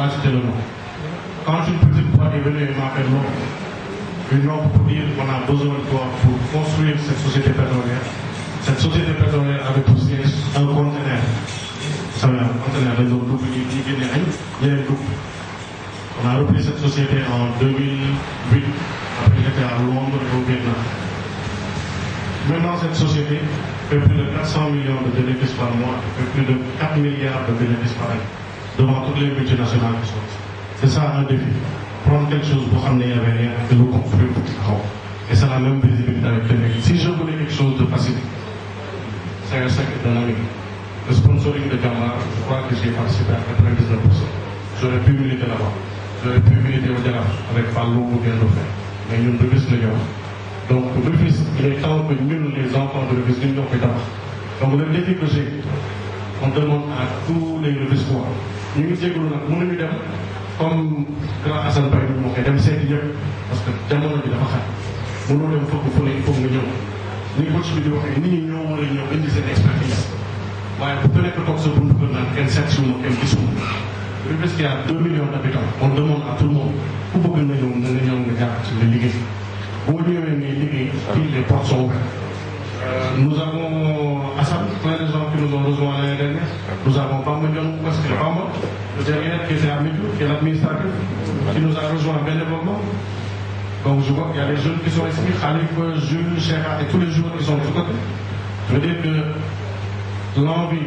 Quand une petite boîte est venue et m'a fait une pour dire qu'on a besoin de toi pour construire cette société pétrolière, cette société pétrolière avait poussé un conteneur. Ça veut dire un conteneur de il y a un On a repris cette société en 2008, après était à Londres et au Vietnam. Maintenant, cette société fait plus de 400 millions de bénéfices par mois, fait plus de 4 milliards de bénéfices par an devant toutes les multinationales qui C'est ça un défi. Prendre quelque chose pour amener à venir et le construire pour qu'il Et c'est la même visibilité avec les mecs. Si je voulais quelque chose de pacifique, c'est un sac dynamique. Le sponsoring de Gamma, je crois que j'ai participé à 99%. J'aurais pu militer là-bas. J'aurais pu militer au terrain avec Fallou ou bien faire. Mais nous devons le faire. Donc, le plus... il est temps que nous, les enfants de l'Office, nous, nous Donc, le défi que j'ai, on demande à tous les leaders de sport ñu ngi jégalu nag mënuñu dem comme grand Assane Paye moo koy dem seeti ñëpp parce que jamono dafa xat mënoo dem fokk fu ne il nga ñëw ñu ngi bi di waxee nit ñi ñoo war a ñëw indi seen expertise waaye bu ko nekk toog sa buntu kër naan kenn seet suma kenn gisuma Rufisque y a deux millions on demande à tout le monde ku bëgg na ñëw nga jaar ci nga liggéey boo ñëwee ngay liggéey fii les portes sont ouvertes euh, nous avons Assane plein de gens qui nous ont Nous avons pas Bamba Ndion Baskir Bamba, le dernier qui était à Midou, qui est l'administratif, qui nous a rejoint bénévolement. Donc je vois qu'il y a des jeunes qui sont ici, Khalif, Jules, Chéra et tous les jeunes qui sont de tout côté. Je veux dire que l'envie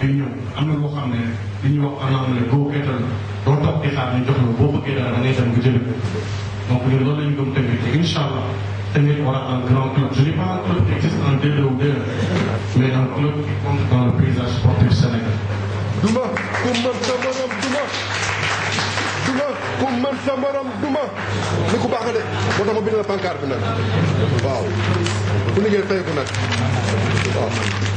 d'union, am na loo xam ne li ñuy wax anam ne boo keetal doo toog di xaar ñu jox la boo bëggee dara da ngay Tenir voilà un grand club. Je n'ai pas un club qui existe en deux ou deux, mais un club qui compte dans le paysage sportif sénégalais. Duma ku mën sa morom duma duma ku mën sa morom duma ni ku baax nga de moo tax ma bind la pancarte bi nag waaw ku liggéey fay ko nag waaw